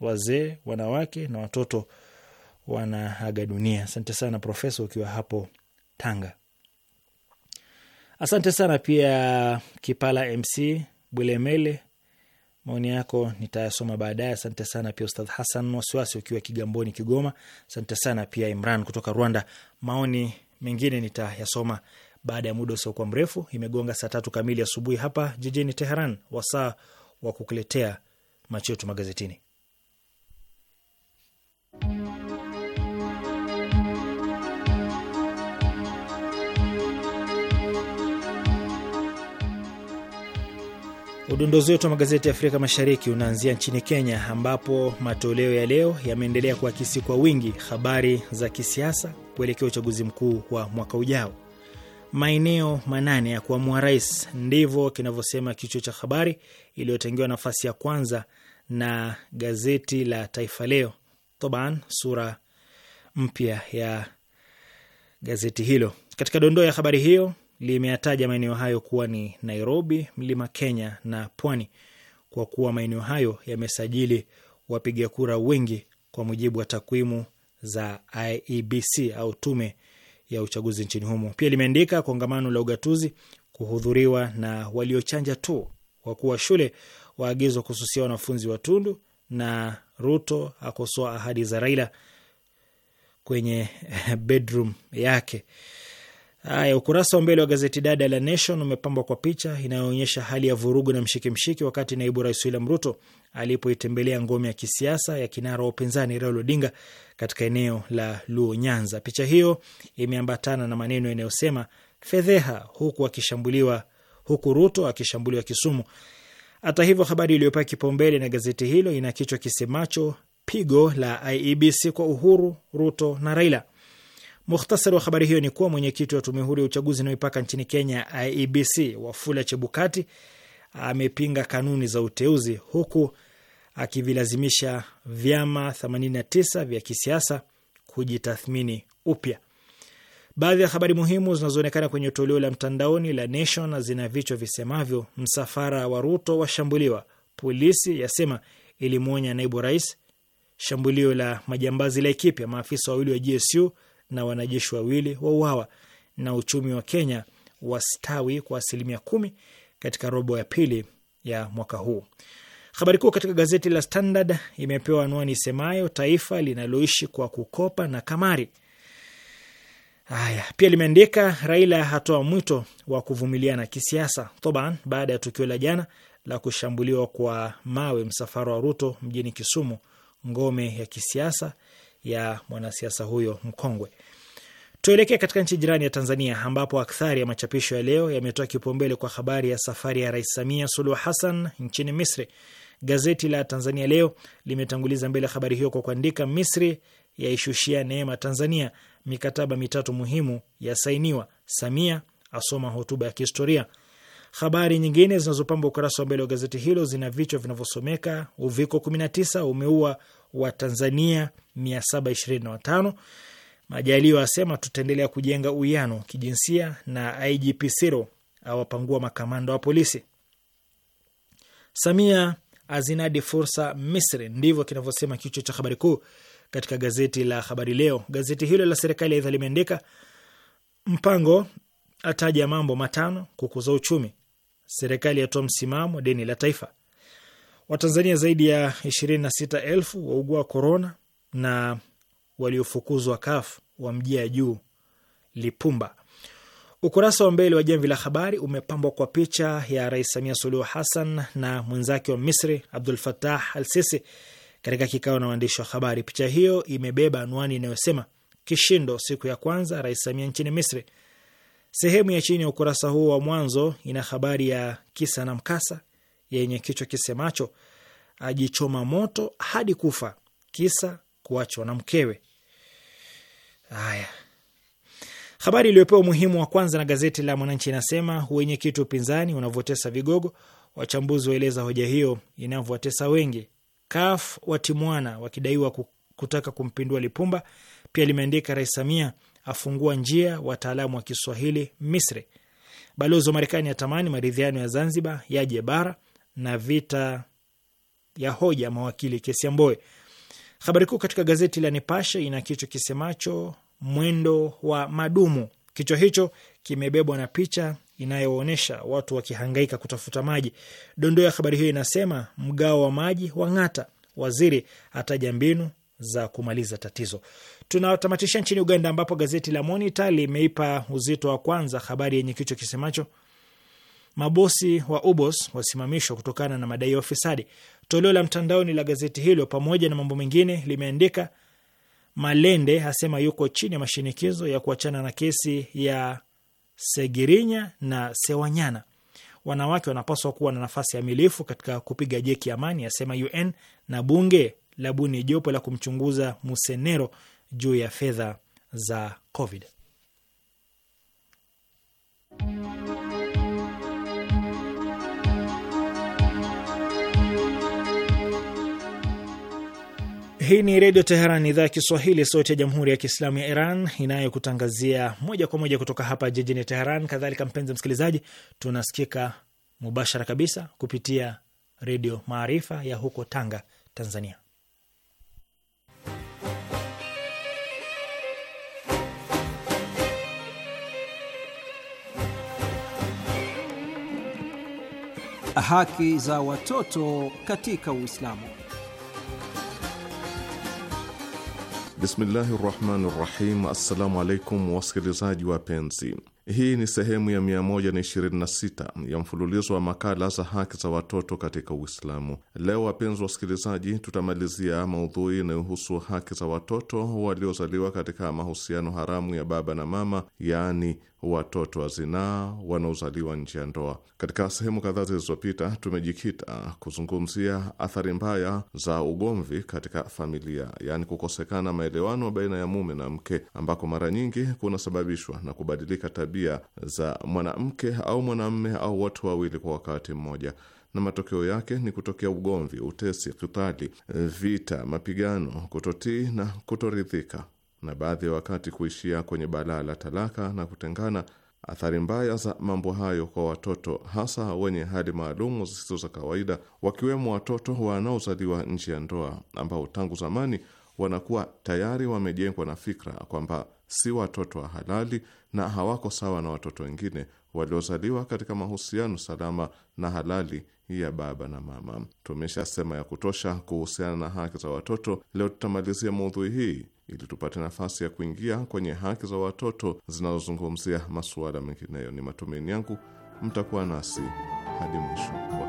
wazee, wanawake na watoto wanaaga dunia. Asante sana Profesa ukiwa hapo Tanga. Asante sana pia Kipala MC Bwilemele, maoni yako nitayasoma baadaye. Asante sana pia Ustadh Hasan Wasiwasi ukiwa Kigamboni, Kigoma. Asante sana pia Imran kutoka Rwanda. Maoni mengine nitayasoma baada ya muda usiokuwa mrefu. Imegonga saa tatu kamili asubuhi hapa jijini Teheran, wasaa wa kukuletea macho yetu magazetini. Udondozi wetu wa magazeti ya Afrika Mashariki unaanzia nchini Kenya, ambapo matoleo ya leo yameendelea kuakisi kwa wingi habari za kisiasa kuelekea uchaguzi mkuu wa mwaka ujao maeneo manane ya kuamua rais, ndivyo kinavyosema kichwa cha habari iliyotengewa nafasi ya kwanza na gazeti la Taifa Leo Toban, sura mpya ya gazeti hilo. Katika dondoo ya habari hiyo limeyataja maeneo hayo kuwa ni Nairobi, Mlima Kenya na Pwani, kwa kuwa maeneo hayo yamesajili wapiga kura wengi kwa mujibu wa takwimu za IEBC au tume ya uchaguzi nchini humo. Pia limeandika kongamano la ugatuzi kuhudhuriwa na waliochanja tu, wakuu wa shule waagizwa kususia wanafunzi wa Tundu, na Ruto akosoa ahadi za Raila kwenye (laughs) bedroom yake. Haya, ukurasa wa mbele wa gazeti dada la Nation umepambwa kwa picha inayoonyesha hali ya vurugu na mshiki mshiki wakati naibu rais William Ruto alipoitembelea ngome ya kisiasa ya kinara wa upinzani Raila Odinga katika eneo la Luo Nyanza. Picha hiyo imeambatana na maneno yanayosema fedheha, huku akishambuliwa huku Ruto akishambuliwa Kisumu. Hata hivyo, habari iliyopewa kipaumbele na gazeti hilo ina kichwa kisemacho pigo la IEBC kwa Uhuru, Ruto na Raila. Mukhtasari wa habari hiyo ni kuwa mwenyekiti wa tume huru ya uchaguzi na mipaka nchini Kenya, IEBC, Wafula Chebukati amepinga kanuni za uteuzi huku akivilazimisha vyama 89 vya kisiasa kujitathmini upya. Baadhi ya habari muhimu zinazoonekana kwenye toleo la mtandaoni la Nation zina vichwa visemavyo: msafara wa Ruto washambuliwa, polisi yasema ilimwonya naibu rais; shambulio la majambazi la Ekipya, maafisa wawili wa GSU na wanajeshi wawili wa uawa na uchumi wa Kenya wastawi kwa asilimia kumi katika robo ya pili ya mwaka huu. Habari kuu katika gazeti la Standard imepewa anwani isemayo taifa linaloishi kwa kukopa na kamari. Haya pia limeandika Raila hatoa mwito wa kuvumiliana kisiasa toban, baada ya tukio la jana la kushambuliwa kwa mawe msafara wa Ruto mjini Kisumu, ngome ya kisiasa ya mwanasiasa huyo mkongwe. Tuelekee katika nchi jirani ya Tanzania, ambapo akthari ya machapisho ya leo yametoa kipaumbele kwa habari ya safari ya Rais Samia Suluhu Hassan nchini Misri. Gazeti la Tanzania Leo limetanguliza mbele habari hiyo kwa kuandika, Misri yaishushia neema Tanzania, mikataba mitatu muhimu yasainiwa, Samia asoma hotuba ya kihistoria. Habari nyingine zinazopamba ukurasa wa mbele wa gazeti hilo zina vichwa vinavyosomeka Uviko 19 umeua wa Tanzania 725, Majaliwa asema tutaendelea kujenga uwiano kijinsia, na IGP Siro awapangua makamanda wa polisi. Samia azinadi fursa Misri, ndivyo kinavyosema kichwa cha habari kuu katika gazeti la Habari Leo. Gazeti hilo la serikali aidha limeandika Mpango ataja mambo matano kukuza uchumi serikali yatoa msimamo deni la taifa. Watanzania zaidi ya ishirini na sita elfu waugua korona na waliofukuzwa kaf wa mjia juu Lipumba. Ukurasa wa mbele wa Jamvi la Habari umepambwa kwa picha ya Rais Samia Suluhu Hassan na mwenzake wa Misri Abdul Fatah Al Sisi katika kikao na waandishi wa habari. Picha hiyo imebeba anwani inayosema kishindo, siku ya kwanza Rais Samia nchini Misri. Sehemu ya chini ya ukurasa huo wa mwanzo ina habari ya kisa na mkasa yenye kichwa kisemacho ajichoma moto hadi kufa, kisa kuachwa na mkewe. Haya, habari iliyopewa umuhimu wa kwanza na gazeti la Mwananchi inasema wenye kitu upinzani unavyotesa vigogo, wachambuzi waeleza hoja hiyo inavyowatesa wengi. Kaf watimwana wakidaiwa kutaka kumpindua Lipumba. Pia limeandika Rais Samia afungua njia wataalamu wa Kiswahili Misri. Balozi wa Marekani atamani maridhiano ya Zanzibar yaje bara, na vita ya hoja mawakili kesi ya Mboe. Habari kuu katika gazeti la Nipashe ina kichwa kisemacho mwendo wa madumu. Kichwa hicho kimebebwa na picha inayoonyesha watu wakihangaika kutafuta maji. Dondoo ya habari hiyo inasema mgao wa maji wa ng'ata, waziri ataja mbinu za kumaliza tatizo. Tunatamatisha nchini Uganda, ambapo gazeti la Monita limeipa uzito wa kwanza habari yenye kichwa kisemacho mabosi wa UBOS wasimamishwa kutokana na madai ya ufisadi. Toleo la mtandaoni la gazeti hilo, pamoja na mambo mengine, limeandika Malende asema yuko chini ya mashinikizo ya kuachana na kesi ya Segirinya na Sewanyana. Wanawake wanapaswa kuwa na nafasi amilifu katika kupiga jeki amani, asema UN, na bunge la buni jopo la kumchunguza Musenero juu ya fedha za Covid. Hii ni Redio Teheran, idhaa ya Kiswahili, sauti ya Jamhuri ya Kiislamu ya Iran inayokutangazia moja kwa moja kutoka hapa jijini Teheran. Kadhalika, mpenzi msikilizaji, tunasikika mubashara kabisa kupitia Redio Maarifa ya huko Tanga, Tanzania. Haki za watoto katika Uislamu. Bismillahi rahmani rahim. Assalamu alaikum wasikilizaji wapenzi, hii ni sehemu ya 126 ya mfululizo wa makala za haki za watoto katika Uislamu. Leo wapenzi wasikilizaji, tutamalizia maudhui inayohusu haki za watoto waliozaliwa katika mahusiano haramu ya baba na mama, yaani watoto wa zinaa wanaozaliwa nje ya ndoa. Katika sehemu kadhaa zilizopita, tumejikita kuzungumzia athari mbaya za ugomvi katika familia, yaani kukosekana maelewano baina ya mume na mke, ambako mara nyingi kunasababishwa na kubadilika tabia tabia za mwanamke au mwanamme au watu wawili kwa wakati mmoja, na matokeo yake ni kutokea ugomvi, utesi, kitali, vita, mapigano, kutotii na kutoridhika, na baadhi ya wakati kuishia kwenye balaa la talaka na kutengana. Athari mbaya za mambo hayo kwa watoto hasa wenye hali maalumu zisizo za kawaida, wakiwemo watoto wanaozaliwa nje ya ndoa, ambao tangu zamani wanakuwa tayari wamejengwa na fikra kwamba si watoto wa halali na hawako sawa na watoto wengine waliozaliwa katika mahusiano salama na halali ya baba na mama. Tumeshasema ya kutosha kuhusiana na haki za watoto. Leo tutamalizia maudhui hii ili tupate nafasi ya kuingia kwenye haki za watoto zinazozungumzia masuala mengineyo. Ni matumaini yangu mtakuwa nasi hadi mwisho.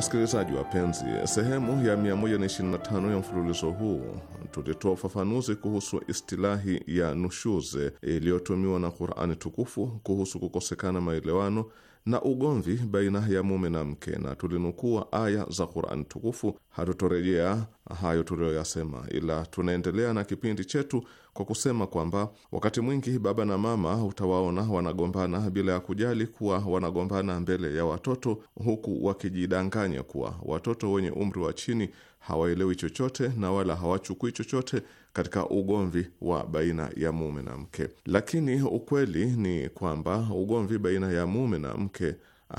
Wasikilizaji wapenzi, sehemu ya 125 ya mfululizo huu tulitoa ufafanuzi kuhusu istilahi ya nushuze iliyotumiwa na Qur'ani tukufu kuhusu kukosekana maelewano na ugomvi baina ya mume na mke, na tulinukua aya za Qur'ani tukufu. Hatutorejea hayo tuliyoyasema, ila tunaendelea na kipindi chetu kwa kusema kwamba wakati mwingi baba na mama utawaona wanagombana bila ya kujali kuwa wanagombana mbele ya watoto, huku wakijidanganya kuwa watoto wenye umri wa chini hawaelewi chochote na wala hawachukui chochote katika ugomvi wa baina ya mume na mke. Lakini ukweli ni kwamba ugomvi baina ya mume na mke,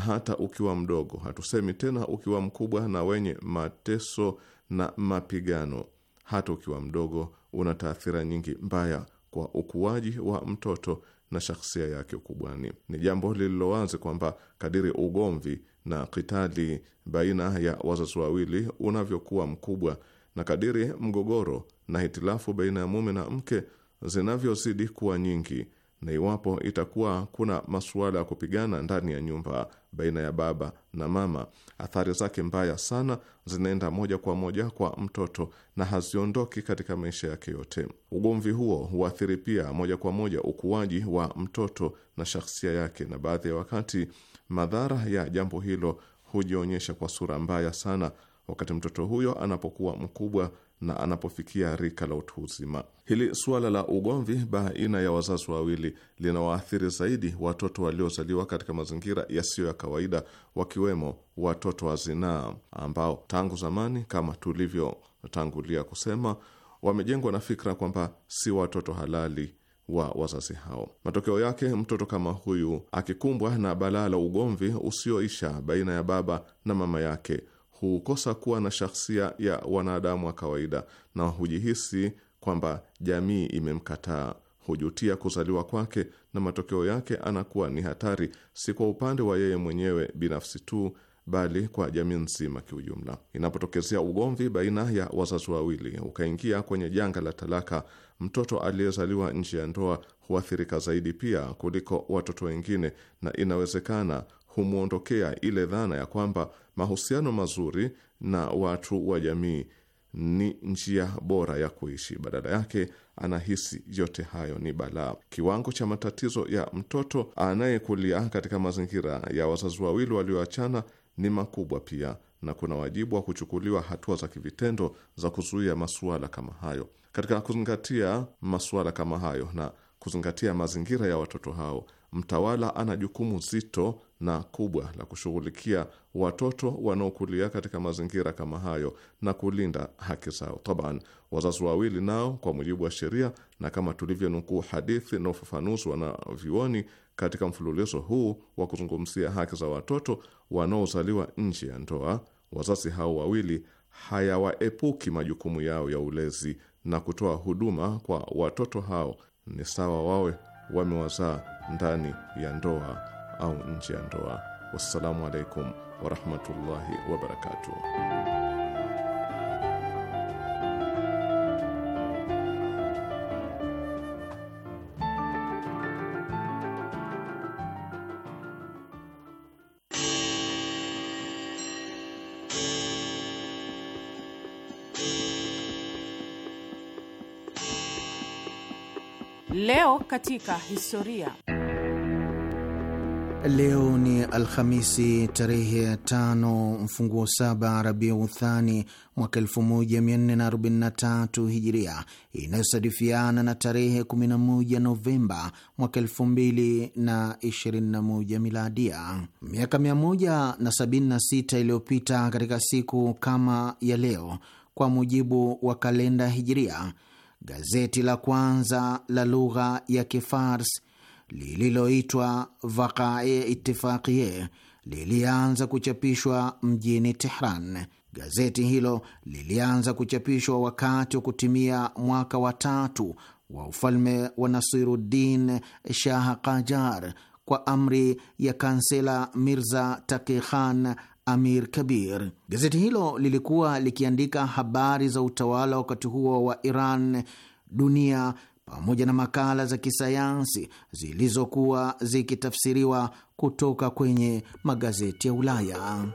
hata ukiwa mdogo, hatusemi tena ukiwa mkubwa na wenye mateso na mapigano hata ukiwa mdogo, una taathira nyingi mbaya kwa ukuaji wa mtoto na shakhsia yake ukubwani. Ni jambo lililo wazi kwamba kadiri ugomvi na kitali baina ya wazazi wawili unavyokuwa mkubwa na kadiri mgogoro na hitilafu baina ya mume na mke zinavyozidi kuwa nyingi na iwapo itakuwa kuna masuala ya kupigana ndani ya nyumba baina ya baba na mama, athari zake mbaya sana zinaenda moja kwa moja kwa mtoto na haziondoki katika maisha yake yote. Ugomvi huo huathiri pia moja kwa moja ukuaji wa mtoto na shakhsia yake, na baadhi ya wakati madhara ya jambo hilo hujionyesha kwa sura mbaya sana wakati mtoto huyo anapokuwa mkubwa na anapofikia rika la utu uzima. Hili suala la ugomvi baina ya wazazi wawili linawaathiri zaidi watoto waliozaliwa katika mazingira yasiyo ya kawaida, wakiwemo watoto wa zinaa ambao tangu zamani, kama tulivyotangulia kusema, wamejengwa na fikra kwamba si watoto halali wa wazazi hao. Matokeo yake, mtoto kama huyu akikumbwa na balaa la ugomvi usioisha baina ya baba na mama yake hukosa kuwa na shakhsia ya wanadamu wa kawaida na hujihisi kwamba jamii imemkataa, hujutia kuzaliwa kwake na matokeo yake anakuwa ni hatari, si kwa upande wa yeye mwenyewe binafsi tu bali kwa jamii nzima kiujumla. Inapotokezea ugomvi baina ya wazazi wawili ukaingia kwenye janga la talaka, mtoto aliyezaliwa nje ya ndoa huathirika zaidi pia kuliko watoto wengine, na inawezekana humwondokea ile dhana ya kwamba mahusiano mazuri na watu wa jamii ni njia bora ya kuishi. Badala yake anahisi yote hayo ni balaa. Kiwango cha matatizo ya mtoto anayekulia katika mazingira ya wazazi wawili walioachana ni makubwa pia, na kuna wajibu wa kuchukuliwa hatua za kivitendo za kuzuia masuala kama hayo. Katika kuzingatia masuala kama hayo na kuzingatia mazingira ya watoto hao, mtawala ana jukumu zito na kubwa la kushughulikia watoto wanaokulia katika mazingira kama hayo na kulinda haki zao. Taban, wazazi wawili nao kwa mujibu wa sheria na kama tulivyonukuu hadithi na ufafanuzi wanavyuoni katika mfululizo huu wa kuzungumzia haki za watoto wanaozaliwa nje ya ndoa, wazazi hao wawili hayawaepuki majukumu yao ya ulezi na kutoa huduma kwa watoto hao, ni sawa wawe wamewazaa ndani ya ndoa au nje ya ndoa. Wassalamu alaikum warahmatullahi wabarakatuh. Leo katika historia. Leo ni Alhamisi tarehe ya tano mfunguo saba Rabiu Uthani mwaka 1443 Hijiria, inayosadifiana na tarehe 11 Novemba mwaka moja Miladia. Miaka 176 iliyopita katika siku kama ya leo, kwa mujibu wa kalenda Hijiria, gazeti la kwanza la lugha ya Kifars lililoitwa Vaqae Itifaqiye lilianza kuchapishwa mjini Tehran. Gazeti hilo lilianza kuchapishwa wakati wa kutimia mwaka wa tatu wa ufalme wa Nasiruddin Shah Kajar kwa amri ya kansela Mirza Taki Khan Amir Kabir. Gazeti hilo lilikuwa likiandika habari za utawala wakati huo wa Iran, dunia pamoja na makala za kisayansi zilizokuwa zikitafsiriwa kutoka kwenye magazeti ya Ulaya.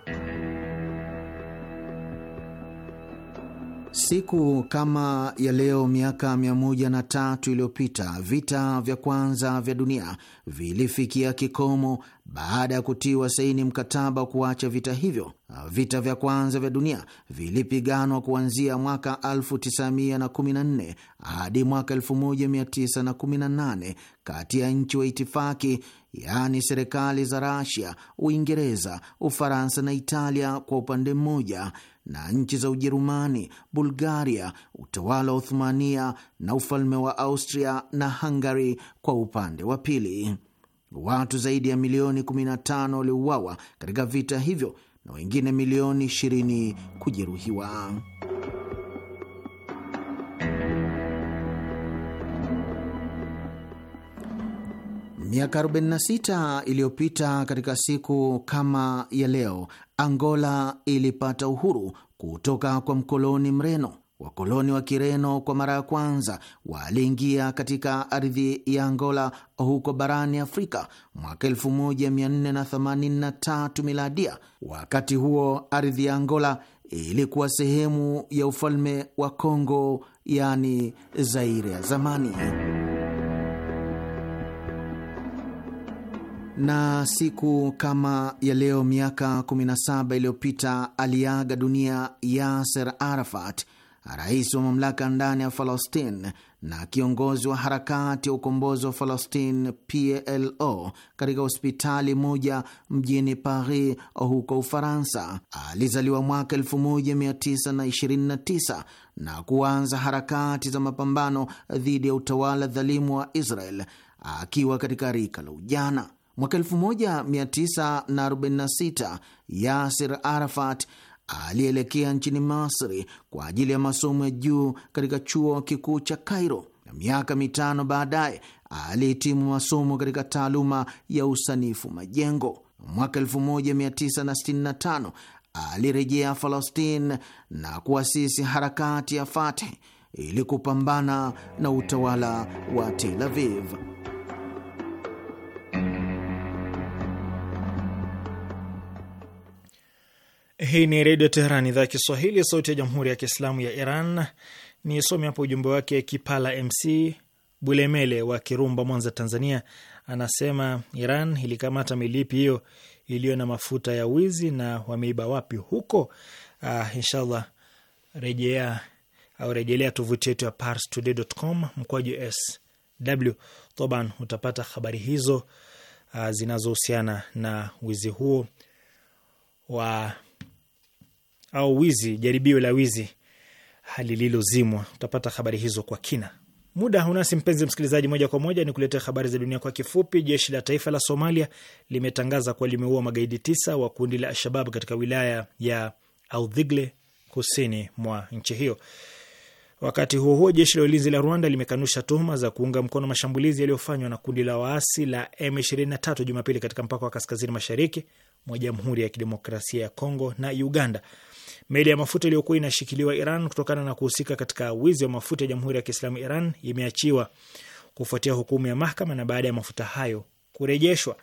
Siku kama ya leo miaka mia moja na tatu iliyopita vita vya kwanza vya dunia vilifikia kikomo baada ya kutiwa saini mkataba wa kuacha vita hivyo. Vita vya kwanza vya dunia vilipiganwa kuanzia mwaka 1914 hadi mwaka 1918 kati ya nchi wa itifaki, yaani serikali za Rasia, Uingereza, Ufaransa na Italia kwa upande mmoja na nchi za Ujerumani, Bulgaria, utawala wa Uthumania na ufalme wa Austria na Hungary kwa upande wa pili. Watu zaidi ya milioni 15 waliuawa katika vita hivyo na wengine milioni 20 kujeruhiwa. Miaka 46 iliyopita katika siku kama ya leo, Angola ilipata uhuru kutoka kwa mkoloni Mreno. Wakoloni wa Kireno kwa mara ya kwanza waliingia katika ardhi ya Angola huko barani Afrika mwaka 1483 miladia. Wakati huo ardhi ya Angola ilikuwa sehemu ya ufalme wa Kongo, yaani Zaire ya zamani. na siku kama ya leo miaka 17 iliyopita aliaga dunia yaser Arafat, rais wa mamlaka ndani ya Falastin na kiongozi wa harakati ya ukombozi wa Falastin PLO katika hospitali moja mjini Paris huko Ufaransa. Alizaliwa mwaka 1929 na kuanza harakati za mapambano dhidi ya utawala dhalimu wa Israel akiwa katika rika la ujana. Mwaka 1946 Yasir Arafat alielekea nchini Masri kwa ajili ya masomo ya juu katika chuo kikuu cha Kairo, na miaka mitano baadaye alihitimu masomo katika taaluma ya usanifu majengo. Mwaka 1965 alirejea Falastin na kuasisi harakati ya Fatah ili kupambana na utawala wa Tel Aviv. Hii ni Redio Teheran, idhaa ya Kiswahili, sauti ya Jamhuri ya Kiislamu ya Iran. Ni some hapo ujumbe wake. Kipala MC Bulemele wa Kirumba, Mwanza, Tanzania, anasema Iran ilikamata milipi hiyo iliyo na mafuta ya wizi na wameiba wapi huko? Uh, inshallah rejea au rejelea tovuti yetu ya parstoday.com mkwaju sw toban, utapata habari hizo uh, zinazohusiana na wizi huo wa au wizi, jaribio la wizi halililozimwa. Utapata habari hizo kwa kina. Muda unasi mpenzi msikilizaji, moja kwa moja ni kuletea habari za dunia kwa kifupi. Jeshi la taifa la Somalia limetangaza kuwa limeua magaidi tisa wa kundi la Alshabab katika wilaya ya Audhigle kusini mwa nchi hiyo. Wakati huo huo, jeshi la ulinzi la Rwanda limekanusha tuhuma za kuunga mkono mashambulizi yaliyofanywa na kundi la waasi la M23 Jumapili katika mpaka wa kaskazini mashariki mwa Jamhuri ya Kidemokrasia ya Kongo na Uganda. Meli ya mafuta iliyokuwa inashikiliwa Iran kutokana na kuhusika katika wizi wa mafuta ya Jamhuri ya Kiislamu Iran imeachiwa kufuatia hukumu ya mahakama na baada ya mafuta hayo kurejeshwa.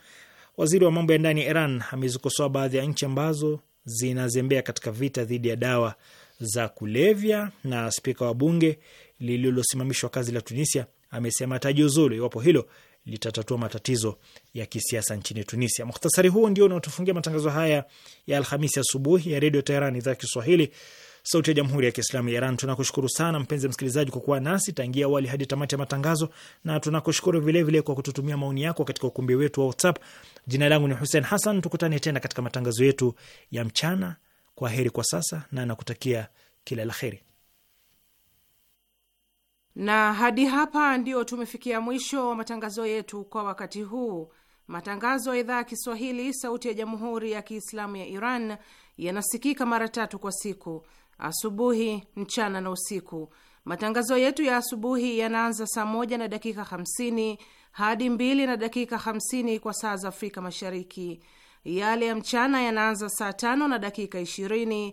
Waziri wa mambo ya ndani ya Iran amezikosoa baadhi ya nchi ambazo zinazembea katika vita dhidi ya dawa za kulevya, na spika wa bunge lililosimamishwa kazi la Tunisia amesema atajiuzulu iwapo hilo litatatua matatizo ya kisiasa nchini Tunisia. Mukhtasari huo ndio unaotufungia matangazo haya ya Alhamisi asubuhi ya Redio Teheran, idhaa ya Kiswahili, sauti ya Jamhuri ya Kiislamu ya Iran. Tunakushukuru sana mpenzi msikilizaji kwa kuwa nasi tangia awali hadi tamati ya matangazo, na tunakushukuru vilevile kwa kututumia maoni yako katika ukumbi wetu wa WhatsApp. Jina langu ni Hussein Hassan, tukutane tena katika matangazo yetu ya mchana. Kwa heri kwa sasa, na nakutakia kila la heri. Na hadi hapa ndio tumefikia mwisho wa matangazo yetu kwa wakati huu. Matangazo ya idhaa ya Kiswahili sauti ya jamhuri ya Kiislamu ya Iran yanasikika mara tatu kwa siku: asubuhi, mchana na usiku. Matangazo yetu ya asubuhi yanaanza saa moja na dakika 50 hadi mbili na dakika 50 kwa saa za Afrika Mashariki. Yale ya mchana yanaanza saa tano na dakika 20